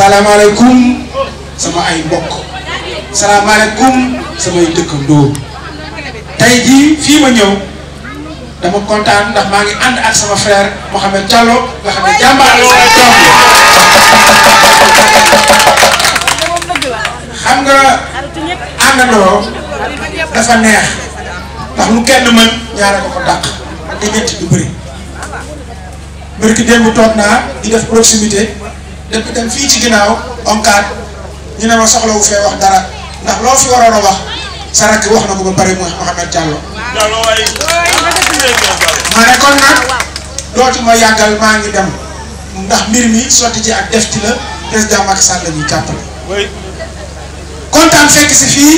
salaamaaleykum sama ay mbokk salaamaaleykum samay dëkkandoo tey jii fii ma ñëw dama kontaan ndax maa ngi ànd ak sama frère Mouhamed Diallo nga xam ne jàmbaar la xam nga àndandoo dafa neex ndax lu kenn mën ñaare ko ko dàq te du bëri mbir ki démb toog naa di def proximité. depuis dem fii ci ginnaaw onkaat ñu ne ma wu fee wax dara ndax loo fi waroon a wax sa rakk wax na ko ba pare mooy Mouhamed Diallo ma ne kon nag dootuma yàggal maa ngi dem ndax mbir mi sotti ci ak def ci la président Macky Sall la ñuy jàppale kontaan fekk si fii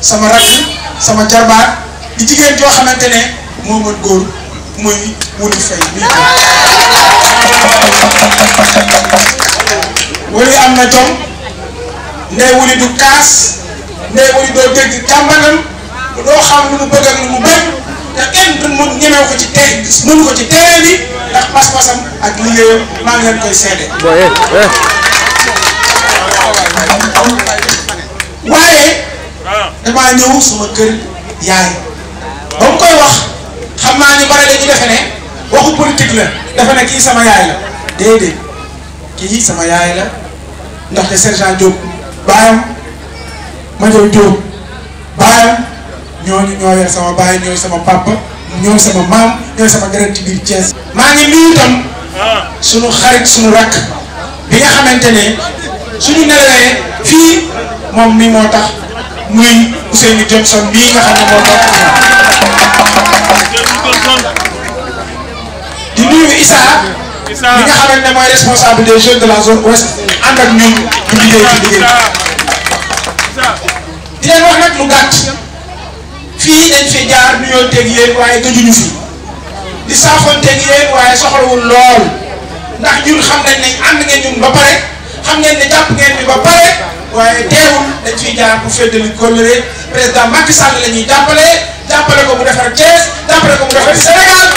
sama rakk sama jarbaat di jigéen joo xamante ne moo mën góor muy Wouly Faye mii wuli am na jom ndey wuli du kaas ndey wuli doo dégg kàmbalam doo xam lu mu bëgg ak lu mu bañ te kenn du ko ci tey ko ci terrain bi ndax pas-pasam ak liggéeyam maa ngi leen koy seede waaye damaa ñëw suma kër yaay ba mu koy wax xam naa ñu bare dañu defe ne waxu politique la defe ne kii sama yaay la déedéet kii sama yaay la ndaxte sergent Diop baayam ma jow Diop baayam ñooñu ñoo yor sama baay ñooy sama papa ñooy sama maam ñooy sama grand ci biir Thiès. maa ngi nuyu itam suñu xarit suñu rakk bi nga xamante ne suñu nelawee fii moom mi moo tax muy Ousseynou Johnson mii nga xam moo tax di nuyu Issa li nga xamante ne mooy responsable des jeunes de la zone ouest ànd ak ñun di liggéey ci liggéey di leen wax nag lu gàtt fii dañ fi jaar nu ñoo teg yéen waaye gëjuñu fi di saafoon teg yéen waaye soxlawul lool ndax ñun xam nañ ne ànd ngeen ñun ba pare xam ngeen ne jàpp ngeen ni ba pare waaye teewul dañ fiy jaar bu féddali kóllëre président Macky Sall la ñuy jàppale jàppale ko mu defar Thiès jàppale ko mu defar Sénégal.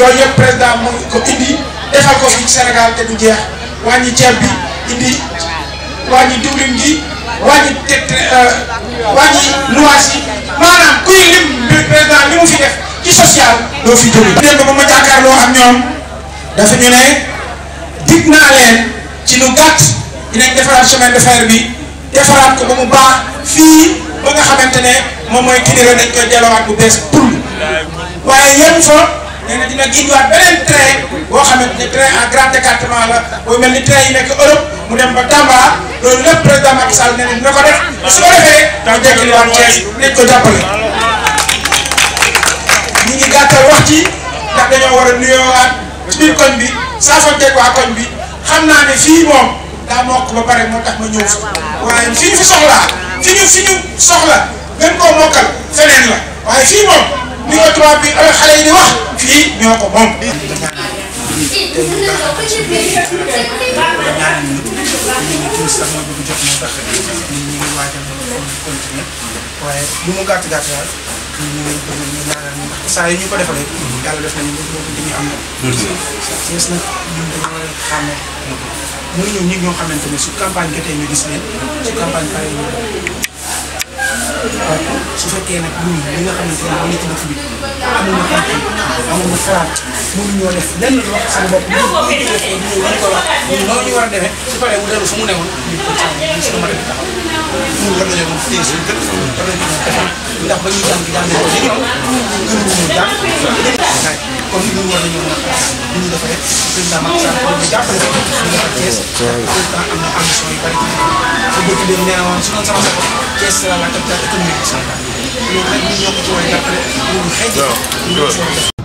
yooyu yëpp président mu ko indi defal ko fii ci Sénégal te du jeex wàññi ceeb bi indi wàññi diwlin gi wàññi te euh, wàññi luwaas yi maanaam kuy lim mbir président li mu fi def ci social doo fi jóge dafa ñu ne dig naa leen ci lu gàtt dinañ defaraat chemin de fer bi defaraat ko ba mu baax fii ba nga xamante ne moom mooy Kidira dañ koy delluwaat bu bees pour waaye yem fa nee na dina indiwaat beneen train boo xamante ne train à grand mel ni train yi nekk mu dem ba Tamba loolu lépp président Macky Sall nee na dina ko def su ko defee dafa dekkiliwaat Thiès ngi gàttal wax ci ndax dañoo war a nuyoowaat ci biir koñ bi saafanteeg waa koñ bi xam naa ne fii moom daa mokk ba pare moo tax ma ñëw fa waaye fi ñu fi soxlaa fi ñu fi ñu soxla gën koo mokkal feneen la waaye fii moom. tubaab bi ala xale yi di wax fii ñoo ko moom. waaye lu mu gàtt gàtt daal ñu ngi bëgg ñu ñaanal ñu ndax saa yi ñu ko defalee. yàlla def nañu bëgg bëgg ñu am na. Thiès nag ñun dañoo leen xàmme. mënuñu nit ñoo xamante ne su campagne jotee ñu gis leen su campagne paree ñu su fekkee nag ñun ñi nga xamante ne ñu ci dëkk bi amuñu xam-xam amuñu xalaat mënuñoo def lenn lu wax seen bopp ñu ko wax ñun noonu ñu war a demee su paree mu dellu fu mu newoon ñu ko caa ñu suñu mën a taxaw ñun war nañoo doon téye suñu dëkk war nañu doon defar ndax ba ñuy jàng jàng ko ci ñoom gënu ñu jàng kon ñun war nañoo mën a ñu ñu defaree président Macky Sall kon ñu jàppale ko ñu defar Thiès président am na ambition yu bari te bëgg dem nee na woon su doon sama bopp caisse la la capitale économique du Sénégal loolu rek ñu ñoo ko ci war a jàppale. loolu xëy na